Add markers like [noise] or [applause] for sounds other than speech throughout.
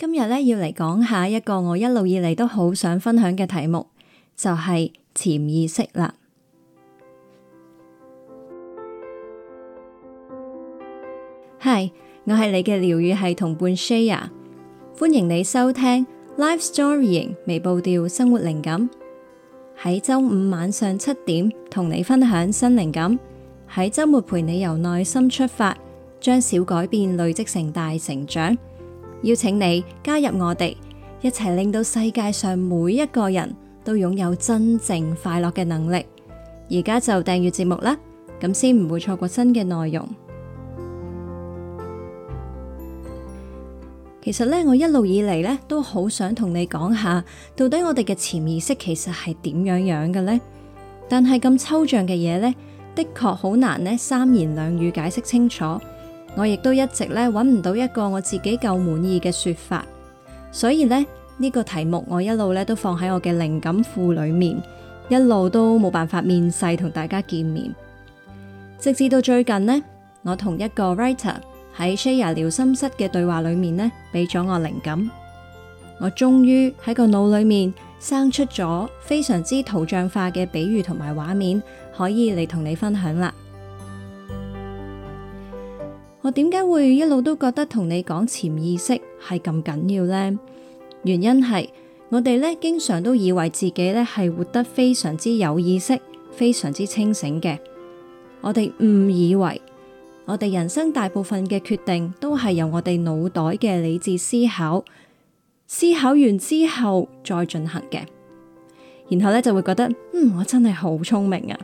今日咧要嚟講下一個我一路以嚟都好想分享嘅題目，就係潛意識啦。嗨，我係你嘅療癒系同伴 Shaya，歡迎你收聽 Life Storying 微步調生活靈感。喺周五晚上七點，同你分享新靈感。喺周末陪你由內心出發，將小改變累積成大成長。邀請你加入我哋，一齊令到世界上每一個人都擁有真正快樂嘅能力。而家就訂閱節目啦，咁先唔會錯過新嘅內容。其實呢，我一路以嚟呢都好想同你講下，到底我哋嘅潛意識其實係點樣樣嘅呢？但係咁抽象嘅嘢呢，的確好難呢三言兩語解釋清楚。我亦都一直咧揾唔到一個我自己夠滿意嘅說法，所以咧呢，呢個題目我一路咧都放喺我嘅靈感庫裏面，一路都冇辦法面世同大家見面。直至到最近呢我同一個 writer 喺 Shaya 療心室嘅對話裏面咧，俾咗我靈感，我終於喺個腦裏面生出咗非常之圖像化嘅比喻同埋畫面，可以嚟同你分享啦。我點解會一路都覺得同你講潛意識係咁緊要呢？原因係我哋咧，經常都以為自己咧係活得非常之有意識、非常之清醒嘅。我哋誤以為我哋人生大部分嘅決定都係由我哋腦袋嘅理智思考，思考完之後再進行嘅。然後咧就會覺得嗯，我真係好聰明啊！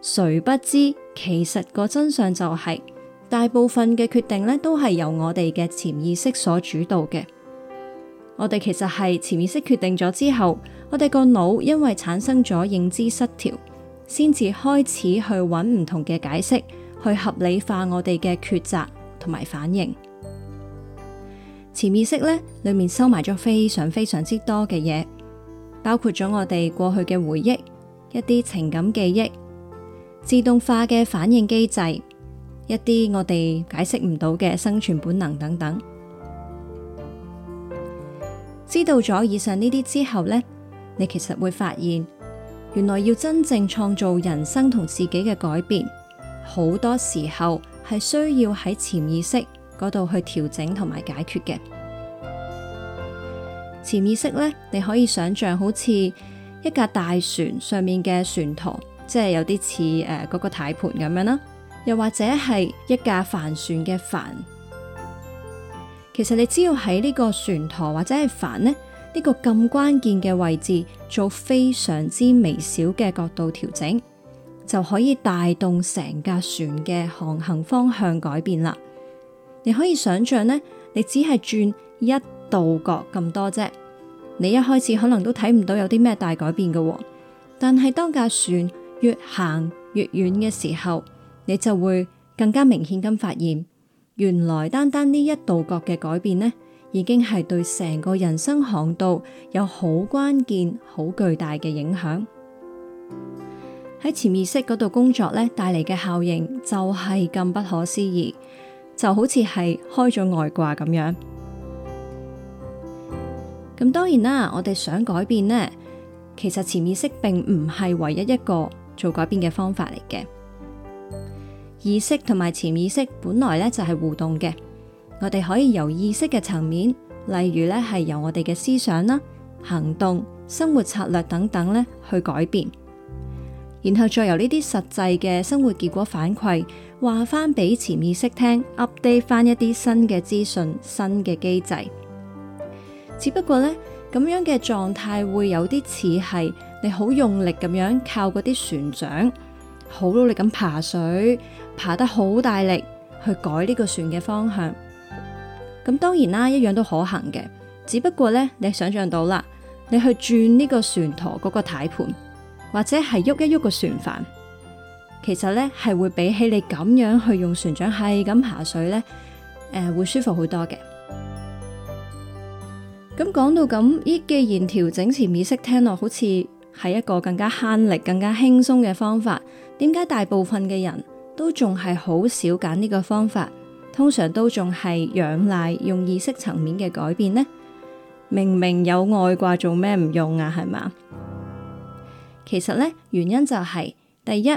誰不知其實個真相就係、是。大部分嘅決定呢，都係由我哋嘅潛意識所主導嘅。我哋其實係潛意識決定咗之後，我哋個腦因為產生咗認知失調，先至開始去揾唔同嘅解釋，去合理化我哋嘅抉擇同埋反應。潛意識呢裏面收埋咗非常非常之多嘅嘢，包括咗我哋過去嘅回憶、一啲情感記憶、自動化嘅反應機制。一啲我哋解釋唔到嘅生存本能等等，知道咗以上呢啲之後呢，你其實會發現，原來要真正創造人生同自己嘅改變，好多時候係需要喺潛意識嗰度去調整同埋解決嘅。潛意識呢，你可以想像好似一架大船上面嘅船舵，即係有啲似誒嗰個軚盤咁樣啦。又或者係一架帆船嘅帆，其實你只要喺呢個船舵或者係帆呢，呢，呢個咁關鍵嘅位置做非常之微小嘅角度調整，就可以帶動成架船嘅航行方向改變啦。你可以想象呢，你只係轉一度角咁多啫，你一開始可能都睇唔到有啲咩大改變嘅、哦。但係當架船越行越遠嘅時候，你就會更加明顯咁發現，原來單單呢一度角嘅改變呢，已經係對成個人生航道有好關鍵、好巨大嘅影響。喺潛意識嗰度工作呢，帶嚟嘅效應就係咁不可思議，就好似係開咗外掛咁樣。咁當然啦，我哋想改變呢，其實潛意識並唔係唯一一個做改變嘅方法嚟嘅。意識同埋潛意識本來咧就係互動嘅，我哋可以由意識嘅層面，例如咧係由我哋嘅思想啦、行動、生活策略等等咧去改變，然後再由呢啲實際嘅生活結果反饋話翻俾潛意識聽，update 翻一啲新嘅資訊、新嘅機制。只不過咧咁樣嘅狀態會有啲似係你好用力咁樣靠嗰啲船槳，好努力咁爬水。爬得好大力去改呢個船嘅方向，咁當然啦，一樣都可行嘅。只不過呢，你想象到啦，你去轉呢個船舵嗰個呔盤，或者係喐一喐個船帆，其實呢係會比起你咁樣去用船槳，係咁爬水呢，誒、呃，會舒服好多嘅。咁講到咁，咦，既然調整潛意識聽落，好似係一個更加慳力、更加輕鬆嘅方法，點解大部分嘅人，都仲係好少揀呢個方法，通常都仲係仰賴用意識層面嘅改變呢。明明有外掛做咩唔用啊？係嘛？其實呢原因就係，第一，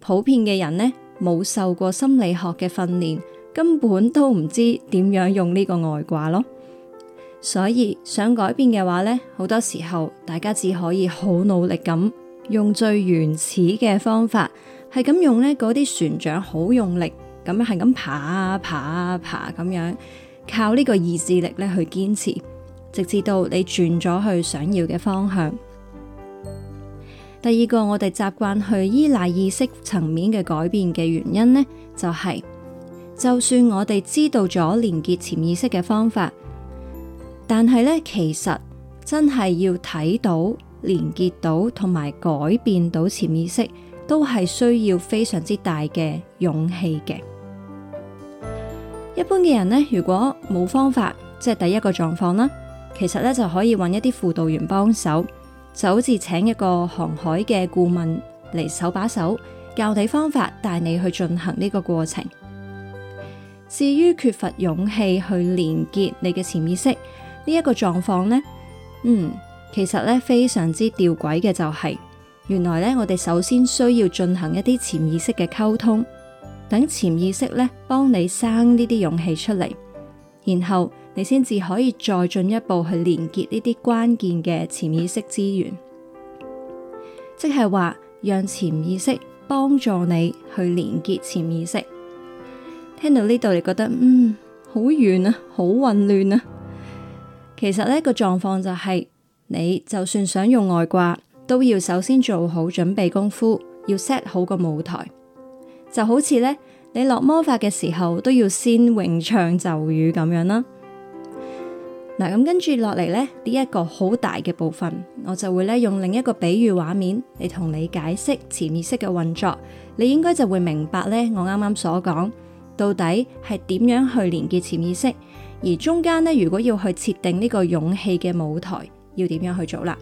普遍嘅人呢冇受過心理學嘅訓練，根本都唔知點樣用呢個外掛咯。所以想改變嘅話呢，好多時候大家只可以好努力咁用最原始嘅方法。係咁用呢嗰啲船長好用力，咁樣係咁爬啊爬啊爬咁樣，靠呢個意志力咧去堅持，直至到你轉咗去想要嘅方向。第二個，我哋習慣去依賴意識層面嘅改變嘅原因呢，就是，就係就算我哋知道咗連結潛意識嘅方法，但係呢其實真係要睇到連結到同埋改變到潛意識。都係需要非常之大嘅勇氣嘅。一般嘅人呢，如果冇方法，即係第一個狀況啦，其實咧就可以揾一啲輔導員幫手，就好似請一個航海嘅顧問嚟手把手教你方法，帶你去進行呢個過程。至於缺乏勇氣去連結你嘅潛意識呢一個狀況呢，嗯，其實咧非常之吊詭嘅就係。原來咧，我哋首先需要進行一啲潛意識嘅溝通，等潛意識咧幫你生呢啲勇氣出嚟，然後你先至可以再進一步去連結呢啲關鍵嘅潛意識資源，即係話讓潛意識幫助你去連結潛意識。聽到呢度，你覺得，嗯，好遠啊，好混亂啊。其實呢個狀況就係，你就算想用外掛，都要首先做好準備功夫，要 set 好個舞台，就好似咧你落魔法嘅時候都要先詠唱咒語咁樣啦。嗱、啊，咁跟住落嚟咧，呢、這、一個好大嘅部分，我就會咧用另一個比喻畫面嚟同你，你解釋潛意識嘅運作，你應該就會明白咧我啱啱所講到底係點樣去連結潛意識，而中間咧如果要去設定呢個勇氣嘅舞台，要點樣去做啦。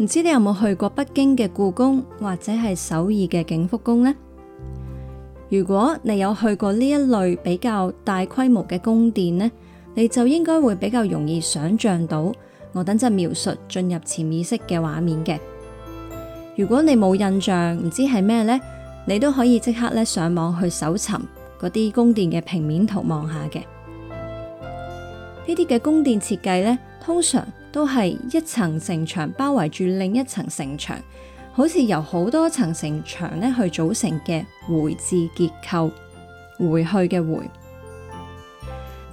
唔知你有冇去過北京嘅故宮或者係首爾嘅景福宮呢？如果你有去過呢一類比較大規模嘅宮殿呢，你就應該會比較容易想象到我等陣描述進入潛意識嘅畫面嘅。如果你冇印象，唔知係咩呢，你都可以即刻咧上網去搜尋嗰啲宮殿嘅平面圖望下嘅。呢啲嘅宮殿設計呢。通常都係一層城牆包圍住另一層城牆，好似由好多層城牆呢去組成嘅回字結構，回去嘅回。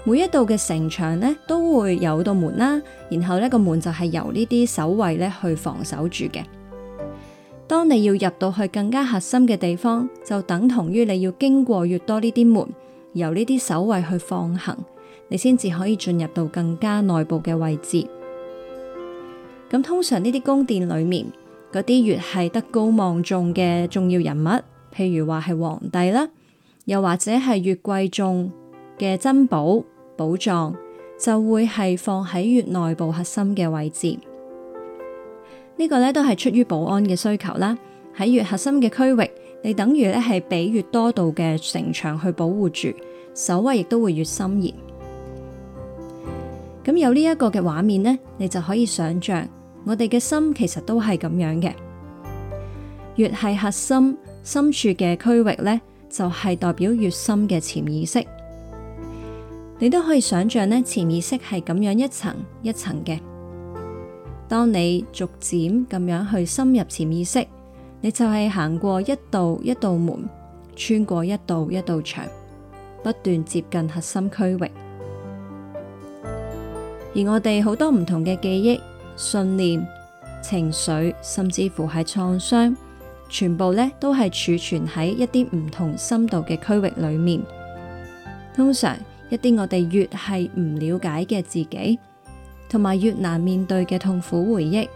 每一道嘅城牆呢都會有道門啦，然後呢，這個門就係由呢啲守衛呢去防守住嘅。當你要入到去更加核心嘅地方，就等同於你要經過越多呢啲門，由呢啲守衛去放行。你先至可以進入到更加內部嘅位置。咁通常呢啲宮殿裏面嗰啲越係德高望重嘅重要人物，譬如話係皇帝啦，又或者係越貴重嘅珍寶、寶藏，就會係放喺越內部核心嘅位置。呢個呢都係出於保安嘅需求啦。喺越核心嘅區域，你等於咧係畀越多度嘅城牆去保護住，守衛亦都會越森嚴。咁有呢一個嘅畫面呢，你就可以想象我哋嘅心其實都係咁樣嘅。越係核心深處嘅區域呢，就係代表越深嘅潛意識。你都可以想象呢潛意識係咁樣一層一層嘅。當你逐漸咁樣去深入潛意識，你就係行過一道一道門，穿過一道一道牆，不斷接近核心區域。而我哋好多唔同嘅記憶、信念、情緒，甚至乎係創傷，全部呢都係儲存喺一啲唔同深度嘅區域裏面。通常，一啲我哋越係唔了解嘅自己，同埋越難面對嘅痛苦回憶，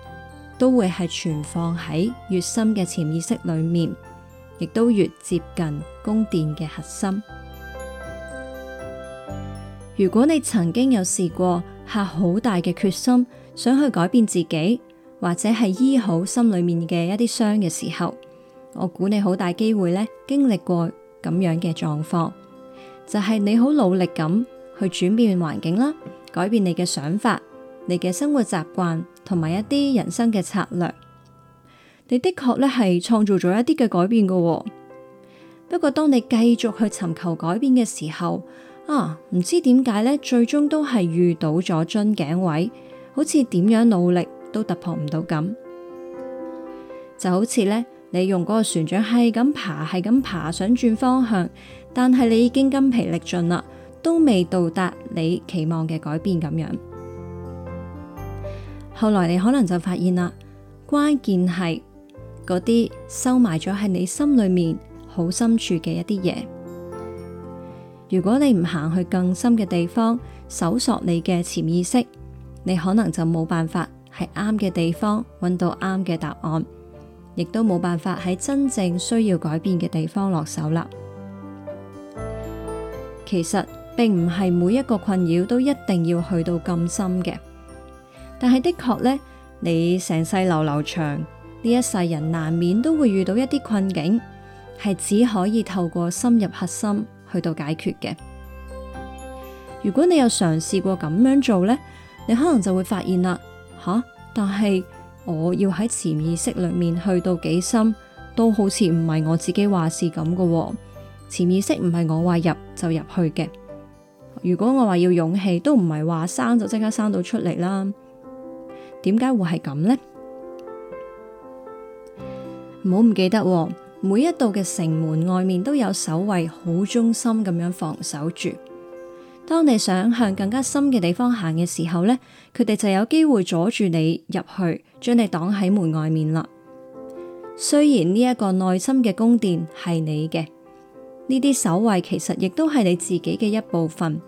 都會係存放喺越深嘅潛意識裏面，亦都越接近宮殿嘅核心。如果你曾經有試過，下好大嘅決心，想去改變自己，或者係醫好心裏面嘅一啲傷嘅時候，我估你好大機會呢，經歷過咁樣嘅狀況，就係你好努力咁去轉變環境啦，改變你嘅想法，你嘅生活習慣同埋一啲人生嘅策略，你的確呢係創造咗一啲嘅改變噶。不過當你繼續去尋求改變嘅時候，啊，唔知點解呢，最終都係遇到咗樽頸位，好似點樣努力都突破唔到咁，就好似呢，你用嗰個船槳係咁爬，係咁爬，爬，想轉方向，但係你已經筋疲力盡啦，都未到達你期望嘅改變咁樣。後來你可能就發現啦，關鍵係嗰啲收埋咗喺你心裏面好深處嘅一啲嘢。如果你唔行去更深嘅地方，搜索你嘅潛意識，你可能就冇辦法喺啱嘅地方揾到啱嘅答案，亦都冇辦法喺真正需要改變嘅地方落手啦。其實並唔係每一個困擾都一定要去到咁深嘅，但係的確呢，你成世流流長，呢一世人難免都會遇到一啲困境，係只可以透過深入核心，去到解決嘅。如果你有嘗試過咁樣做呢，你可能就會發現啦，吓，但係我要喺潛意識裏面去到幾深，都好似唔係我自己話事咁嘅。潛意識唔係我話入就入去嘅。如果我話要勇氣，都唔係話生就即刻生到出嚟啦。點解會係咁呢？唔好唔記得啊。每一道嘅城門外面都有守衛，好忠心咁樣防守住。當你想向更加深嘅地方行嘅時候呢，佢哋就有機會阻住你入去，將你擋喺門外面啦。雖然呢一個內心嘅宮殿係你嘅，呢啲守衛其實亦都係你自己嘅一部分，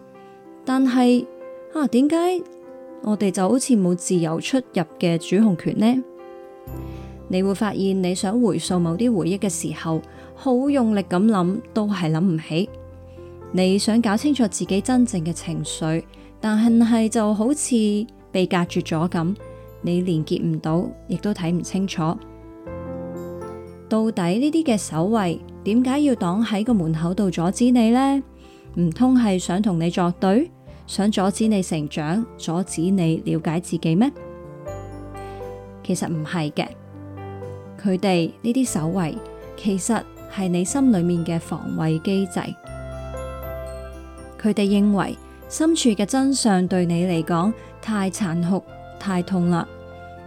但係啊，點解我哋就好似冇自由出入嘅主控權呢？你會發現你想回溯某啲回憶嘅時候，好用力咁諗都係諗唔起。你想搞清楚自己真正嘅情緒，但係就好似被隔絕咗咁，你連結唔到，亦都睇唔清楚。到底呢啲嘅守衛點解要擋喺個門口度阻止你呢？唔通係想同你作對，想阻止你成長，阻止你了解自己咩？其實唔係嘅。佢哋呢啲守衛，其實係你心裏面嘅防衛機制。佢哋認為深處嘅真相對你嚟講太殘酷、太痛啦，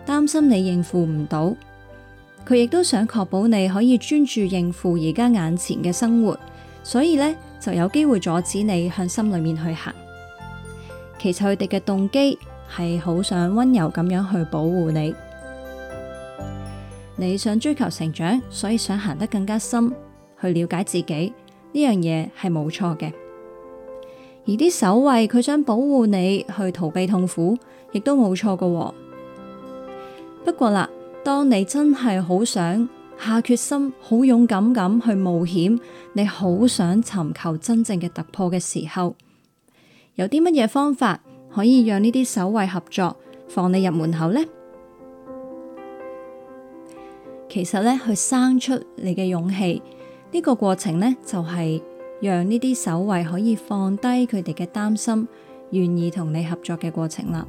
擔心你應付唔到。佢亦都想確保你可以專注應付而家眼前嘅生活，所以呢就有機會阻止你向心裏面去行。其實佢哋嘅動機係好想溫柔咁樣去保護你。你想追求成長，所以想行得更加深去了解自己呢樣嘢係冇錯嘅。而啲守衛佢想保護你去逃避痛苦，亦都冇錯㗎。不過啦，當你真係好想下決心，好勇敢咁去冒險，你好想尋求真正嘅突破嘅時候，有啲乜嘢方法可以讓呢啲守衛合作放你入門口呢？其實咧，去生出你嘅勇氣，呢個過程呢，就係讓呢啲守衛可以放低佢哋嘅擔心，願意同你合作嘅過程啦。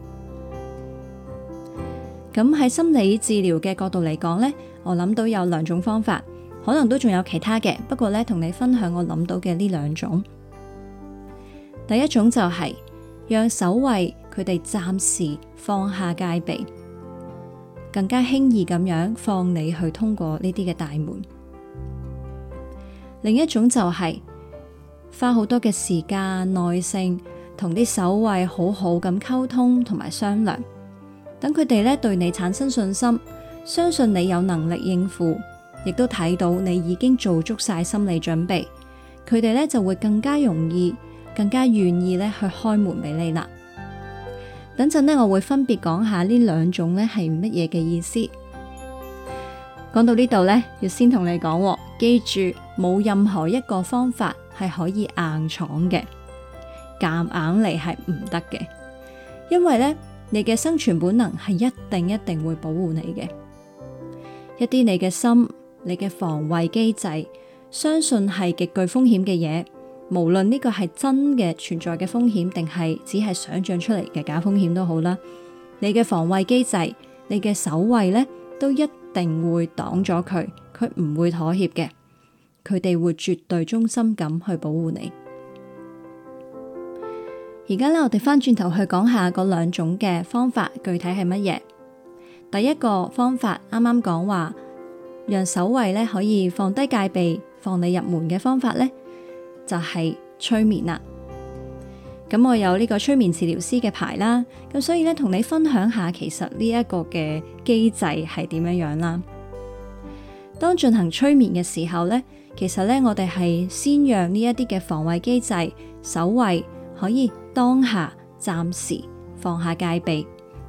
咁喺心理治療嘅角度嚟講呢，我諗到有兩種方法，可能都仲有其他嘅，不過呢，同你分享我諗到嘅呢兩種。第一種就係讓守衛佢哋暫時放下戒備，更加輕易咁樣放你去通過呢啲嘅大門。另一種就係花好多嘅時間、耐性，同啲守衛好好咁溝通同埋商量，等佢哋咧對你產生信心，相信你有能力應付，亦都睇到你已經做足晒心理準備，佢哋咧就會更加容易、更加願意咧去開門俾你啦。等陣呢，我會分別講下呢兩種呢係乜嘢嘅意思。講到呢度呢，要先同你講，記住冇任何一個方法係可以硬闖嘅，夾硬嚟係唔得嘅。因為呢，你嘅生存本能係一定一定會保護你嘅。一啲你嘅心、你嘅防衛機制，相信係極具風險嘅嘢。無論呢個係真嘅存在嘅風險，定係只係想象出嚟嘅假風險都好啦，你嘅防衛機制、你嘅守衛呢，都一定會擋咗佢，佢唔會妥協嘅，佢哋會絕對忠心咁去保護你。而家呢，我哋翻轉頭去講下嗰兩種嘅方法，具體係乜嘢？第一個方法，啱啱講話，讓守衛呢可以放低戒備，放你入門嘅方法呢。就係催眠啦，咁我有呢個催眠治療師嘅牌啦，咁所以咧同你分享下其，其實呢一個嘅機制係點樣樣啦。當進行催眠嘅時候咧，其實咧我哋係先讓呢一啲嘅防衛機制守衛可以當下暫時放下戒備，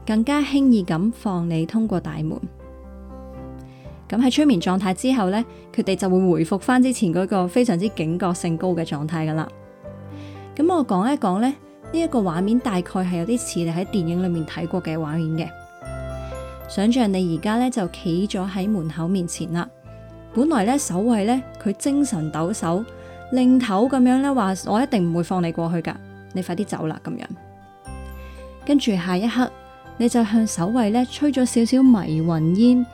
更加輕易咁放你通過大門。咁喺催眠狀態之後呢，佢哋就會回復翻之前嗰個非常之警覺性高嘅狀態噶啦。咁我講一講呢，呢一個畫面大概係有啲似你喺電影裏面睇過嘅畫面嘅。想象你而家呢，就企咗喺門口面前啦，本來呢守衛呢，佢精神抖擻，擰頭咁樣呢話，我一定唔會放你過去噶，你快啲走啦咁樣。跟住下一刻，你就向守衛呢吹咗少少迷魂煙。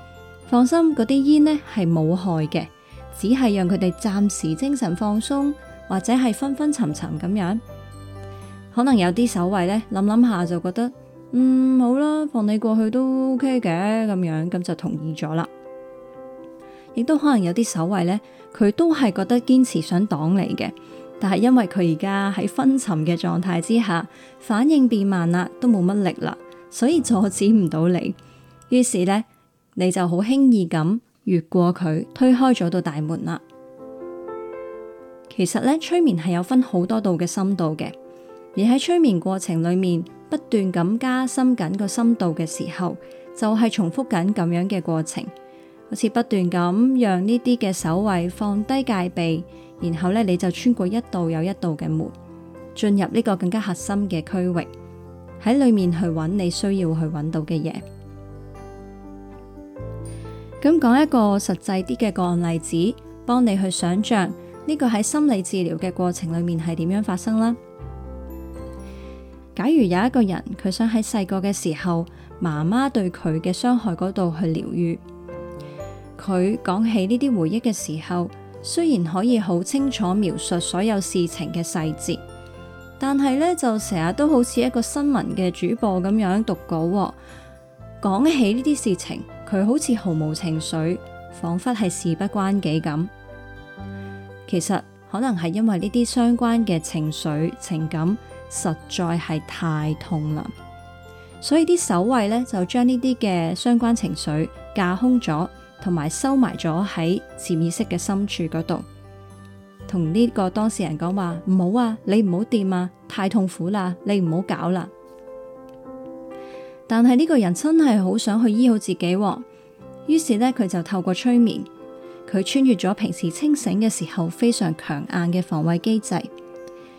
放心，嗰啲煙呢係冇害嘅，只係讓佢哋暫時精神放鬆，或者係昏昏沉沉咁樣。可能有啲守衛呢，諗諗下就覺得，嗯，好啦，放你過去都 OK 嘅咁樣，咁就同意咗啦。亦都可能有啲守衛呢，佢都係覺得堅持想擋你嘅，但係因為佢而家喺昏沉嘅狀態之下，反應變慢啦，都冇乜力啦，所以阻止唔到你。於是呢。你就好輕易咁越過佢，推開咗度大門啦。其實呢，催眠係有分好多度嘅深度嘅，而喺催眠過程裏面，不斷咁加深緊個深度嘅時候，就係、是、重複緊咁樣嘅過程，好似不斷咁讓呢啲嘅守衛放低戒備，然後呢，你就穿過一度又一度嘅門，進入呢個更加核心嘅區域，喺裏面去揾你需要去揾到嘅嘢。咁講一個實際啲嘅個案例子，幫你去想象呢個喺心理治療嘅過程裏面係點樣發生啦。假如有一個人，佢想喺細個嘅時候，媽媽對佢嘅傷害嗰度去療癒。佢講起呢啲回憶嘅時候，雖然可以好清楚描述所有事情嘅細節，但係呢就成日都好似一個新聞嘅主播咁樣讀稿，講起呢啲事情。佢好似毫無情緒，仿佛係事不關己咁。其實可能係因為呢啲相關嘅情緒情感實在係太痛啦，所以啲守衛呢，就將呢啲嘅相關情緒架空咗，同埋收埋咗喺潛意識嘅深處嗰度，同呢個當事人講話：唔好啊，你唔好掂啊，太痛苦啦，你唔好搞啦。但係呢個人真係好想去醫好自己，於是呢，佢就透過催眠，佢穿越咗平時清醒嘅時候非常強硬嘅防衛機制，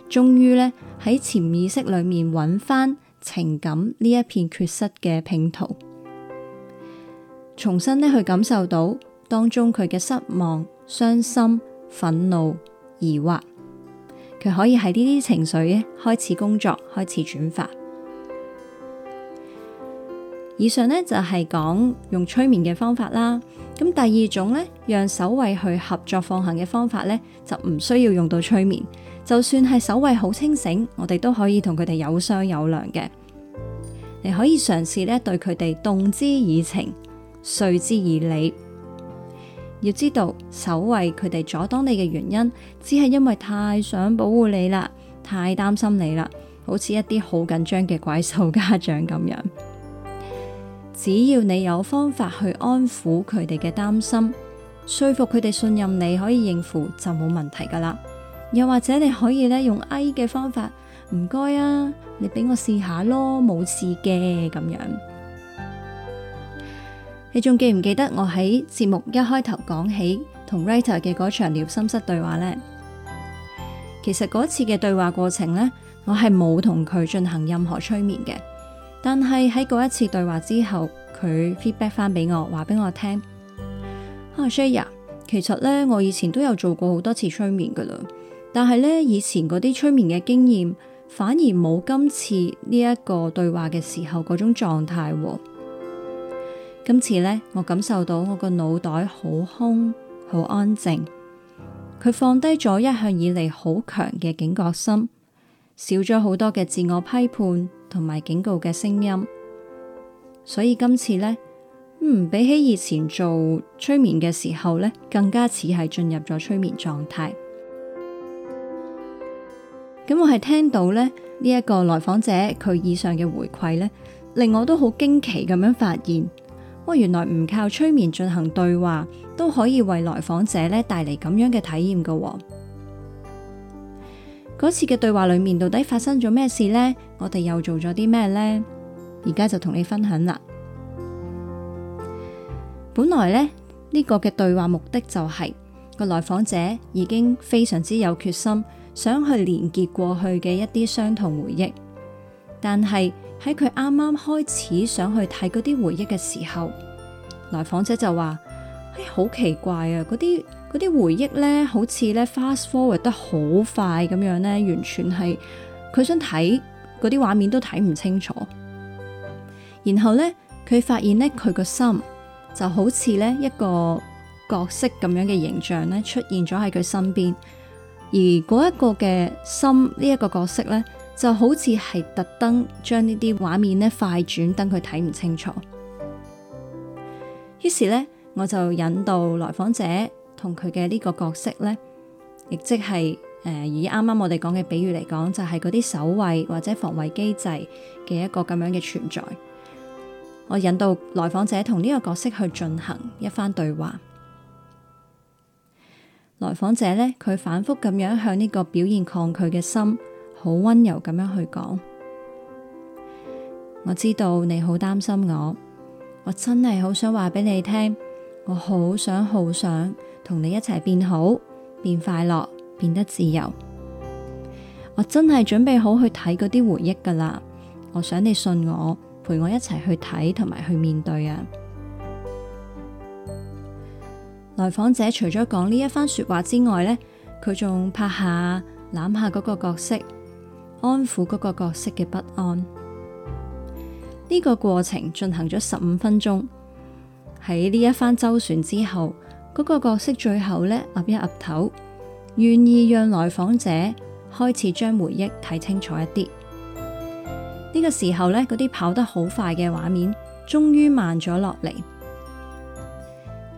終於呢，喺潛意識裏面揾翻情感呢一片缺失嘅拼圖，重新呢去感受到當中佢嘅失望、傷心、憤怒、疑惑，佢可以喺呢啲情緒開始工作，開始轉化。以上咧就係講用催眠嘅方法啦。咁第二種咧，讓守衛去合作放行嘅方法咧，就唔需要用到催眠。就算係守衛好清醒，我哋都可以同佢哋有商有量嘅。你可以嘗試咧，對佢哋動之以情，曉之以理。要知道，守衛佢哋阻擋你嘅原因，只係因為太想保護你啦，太擔心你啦，好似一啲好緊張嘅怪獸家長咁樣。只要你有方法去安撫佢哋嘅擔心，說服佢哋信任你可以應付就冇問題噶啦。又或者你可以咧用哎嘅方法，唔該啊，你俾我試下咯，冇事嘅咁樣。 [noise] 你仲記唔記得我喺節目一開頭講起同 writer 嘅嗰場療心室對話呢？其實嗰次嘅對話過程呢，我係冇同佢進行任何催眠嘅。但係喺嗰一次對話之後，佢 feedback 翻俾我，話俾我聽：啊，Shaya，其實呢，我以前都有做過好多次催眠噶啦，但係呢，以前嗰啲催眠嘅經驗，反而冇今次呢一個對話嘅時候嗰種狀態。今次呢，我感受到我個腦袋好空，好安靜，佢放低咗一向以嚟好強嘅警覺心，少咗好多嘅自我批判同埋警告嘅聲音，所以今次呢，嗯，比起以前做催眠嘅時候呢，更加似係進入咗催眠狀態。咁我係聽到呢呢一個來訪者佢以上嘅回饋呢，令我都好驚奇咁樣發現，哇，原來唔靠催眠進行對話都可以為來訪者呢帶嚟咁樣嘅體驗噶喎。嗰次嘅對話裏面到底發生咗咩事呢？我哋又做咗啲咩呢？而家就同你分享啦。本來呢呢，這個嘅對話目的就係、是、個來訪者已經非常之有決心想去連結過去嘅一啲傷痛回憶，但係喺佢啱啱開始想去睇嗰啲回憶嘅時候，來訪者就話，好、哎、奇怪啊！嗰啲嗰啲回憶咧，好似咧 fast forward 得好快咁樣咧，完全係佢想睇嗰啲畫面都睇唔清楚。然後咧，佢發現咧，佢個心就好似咧一個角色咁樣嘅形象咧，出現咗喺佢身邊。而嗰一個嘅心呢一、這個角色咧，就好似係特登將呢啲畫面咧快轉，等佢睇唔清楚。於是咧。我就引導來訪者同佢嘅呢個角色呢，亦即係誒以啱啱我哋講嘅比喻嚟講，就係嗰啲守衛或者防衛機制嘅一個咁樣嘅存在。我引導來訪者同呢個角色去進行一番對話。來訪者呢，佢反覆咁樣向呢個表現抗拒嘅心，好温柔咁樣去講。我知道你好擔心我，我真係好想話俾你聽。我好想好想同你一齊變好、變快樂、變得自由。我真係準備好去睇嗰啲回憶㗎喇。我想你信我，陪我一齊去睇同埋去面對啊！來訪者除咗講呢一番說話之外，呢佢仲拍下攬下嗰個角色，安撫嗰個角色嘅不安。呢個過程進行咗十五分鐘。喺呢一翻周旋之後，嗰、那個角色最後呢，岌、呃、一岌、呃、頭，願意讓來訪者開始將回憶睇清楚一啲。呢、這個時候呢，嗰啲跑得好快嘅畫面，終於慢咗落嚟。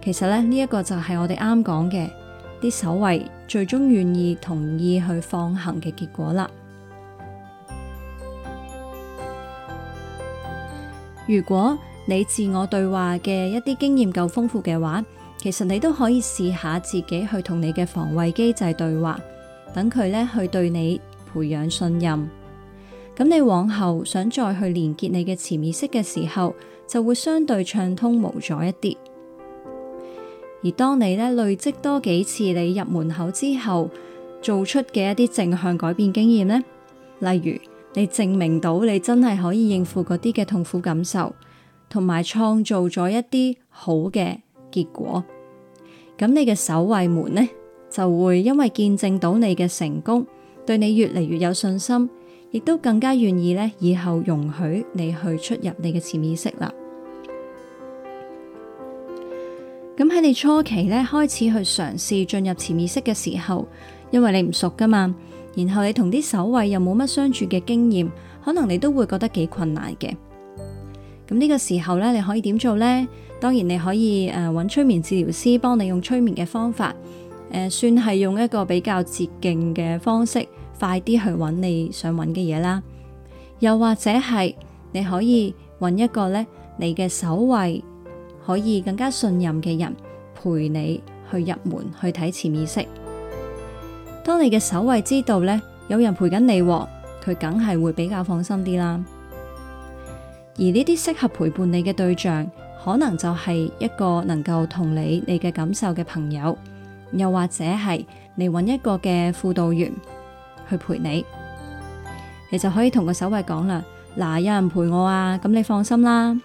其實呢，呢、這、一個就係我哋啱講嘅，啲守衛最終願意同意去放行嘅結果啦。如果你自我對話嘅一啲經驗夠豐富嘅話，其實你都可以試下自己去同你嘅防衛機制對話，等佢呢去對你培養信任。咁你往後想再去連結你嘅潛意識嘅時候，就會相對暢通無阻一啲。而當你呢累積多幾次你入門口之後，做出嘅一啲正向改變經驗呢，例如你證明到你真係可以應付嗰啲嘅痛苦感受。同埋創造咗一啲好嘅結果，咁你嘅守衛們呢就會因為見證到你嘅成功，對你越嚟越有信心，亦都更加願意呢以後容許你去出入你嘅潛意識啦。咁喺你初期呢，開始去嘗試進入潛意識嘅時候，因為你唔熟噶嘛，然後你同啲守衛又冇乜相處嘅經驗，可能你都會覺得幾困難嘅。咁呢個時候咧，你可以點做咧？當然你可以誒，揾、呃、催眠治療師幫你用催眠嘅方法，誒、呃，算係用一個比較捷徑嘅方式，快啲去揾你想揾嘅嘢啦。又或者係你可以揾一個咧，你嘅守衛可以更加信任嘅人陪你去入門去睇潛意識。當你嘅守衛知道咧，有人陪緊你，佢梗係會比較放心啲啦。而呢啲適合陪伴你嘅對象，可能就係一個能夠同你你嘅感受嘅朋友，又或者係你揾一個嘅輔導員去陪你，你就可以同個守衛講啦。嗱，有人陪我啊，咁你放心啦。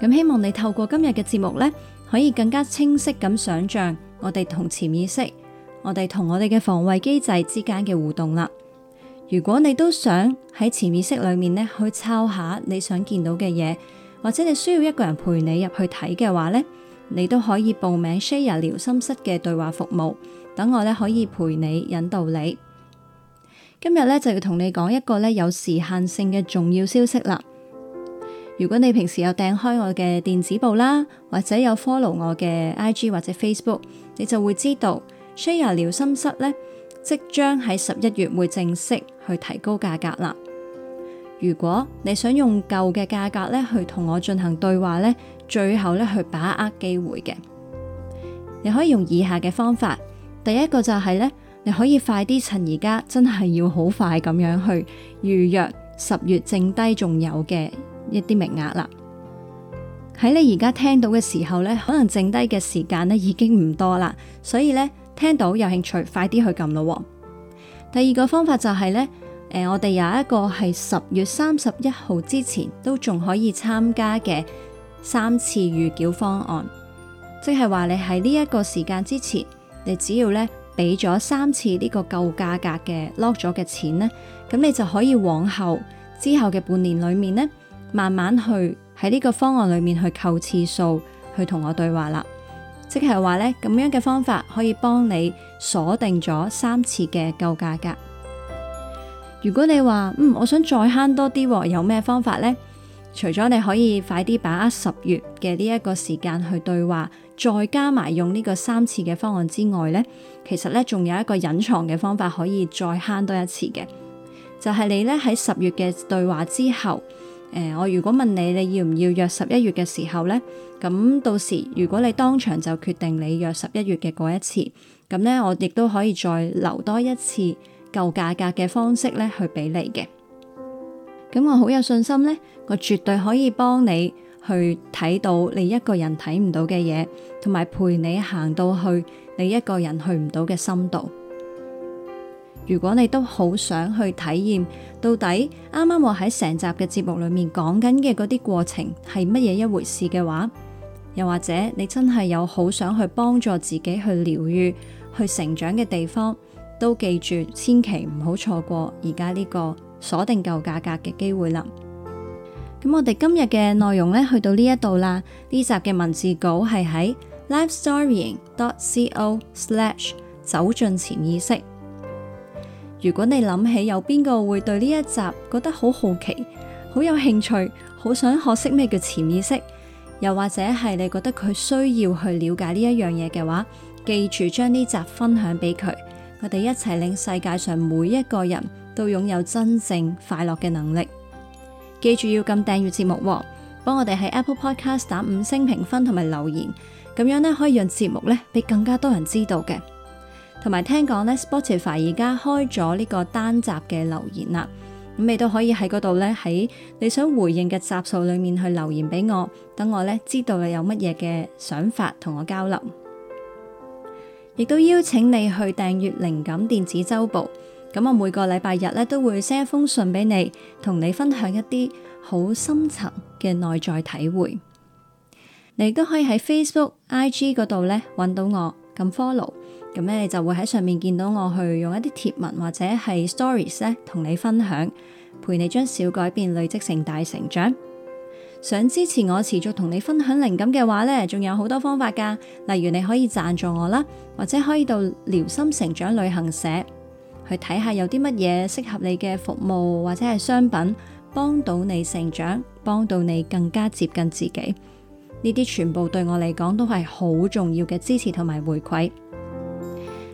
咁希望你透過今日嘅節目咧，可以更加清晰咁想象我哋同潛意識、我哋同我哋嘅防衛機制之間嘅互動啦。如果你都想喺潛意識裏面咧去抄下你想見到嘅嘢，或者你需要一個人陪你入去睇嘅話呢，你都可以報名 Shaya 療心室嘅對話服務，等我呢可以陪你引導你。今日呢，就要同你講一個呢有時限性嘅重要消息啦。如果你平時有訂開我嘅電子報啦，或者有 follow 我嘅 IG 或者 Facebook，你就會知道 Shaya 療心室呢。即將喺十一月會正式去提高價格啦。如果你想用舊嘅價格咧，去同我進行對話咧，最後咧去把握機會嘅，你可以用以下嘅方法。第一個就係咧，你可以快啲趁而家，真係要好快咁樣去預約十月剩低仲有嘅一啲名額啦。喺你而家聽到嘅時候咧，可能剩低嘅時間咧已經唔多啦，所以咧。聽到有興趣，快啲去撳咯。第二個方法就係呢，誒，我哋有一個係十月三十一號之前都仲可以參加嘅三次預繳方案，即係話你喺呢一個時間之前，你只要呢俾咗三次呢個舊價格嘅 lock 咗嘅錢呢，咁你就可以往後之後嘅半年裏面呢，慢慢去喺呢個方案裏面去扣次數，去同我對話啦。即係話咧，咁樣嘅方法可以幫你鎖定咗三次嘅舊價格。如果你話嗯，我想再慳多啲，有咩方法呢？除咗你可以快啲把握十月嘅呢一個時間去對話，再加埋用呢個三次嘅方案之外呢，其實呢，仲有一個隱藏嘅方法可以再慳多一次嘅，就係、是、你呢喺十月嘅對話之後。誒、呃，我如果問你，你要唔要約十一月嘅時候咧？咁到時如果你當場就決定你約十一月嘅嗰一次，咁咧我亦都可以再留多一次舊價格嘅方式咧去俾你嘅。咁我好有信心咧，我絕對可以幫你去睇到你一個人睇唔到嘅嘢，同埋陪你行到去你一個人去唔到嘅深度。如果你都好想去體驗到底啱啱我喺成集嘅節目裏面講緊嘅嗰啲過程係乜嘢一回事嘅話，又或者你真係有好想去幫助自己去療癒、去成長嘅地方，都記住千祈唔好錯過而家呢個鎖定舊價格嘅機會啦。咁我哋今日嘅內容咧去到呢一度啦，呢集嘅文字稿係喺 lifestorying.co/slash 走進潛意識。如果你諗起有邊個會對呢一集覺得好好奇、好有興趣、好想學識咩叫潛意識，又或者係你覺得佢需要去了解呢一樣嘢嘅話，記住將呢集分享俾佢，我哋一齊令世界上每一個人都擁有真正快樂嘅能力。記住要撳訂閱節目喎，幫我哋喺 Apple Podcast 打五星評分同埋留言，咁樣呢，可以讓節目呢俾更加多人知道嘅。同埋聽講咧，Spotify 而家開咗呢個單集嘅留言啦，咁你都可以喺嗰度咧，喺你想回應嘅集數裏面去留言俾我，等我咧知道你有乜嘢嘅想法同我交流。亦都邀請你去訂閱靈感電子週報，咁我每個禮拜日咧都會 send 一封信俾你，同你分享一啲好深層嘅內在體會。你亦都可以喺 Facebook、IG 嗰度咧揾到我，撳 follow。咁咧就會喺上面見到我去用一啲貼文或者係 stories 咧同你分享，陪你將小改變累積成大成長。想支持我持續同你分享靈感嘅話咧，仲有好多方法噶，例如你可以贊助我啦，或者可以到療心成長旅行社去睇下有啲乜嘢適合你嘅服務或者係商品，幫到你成長，幫到你更加接近自己。呢啲全部對我嚟講都係好重要嘅支持同埋回饋。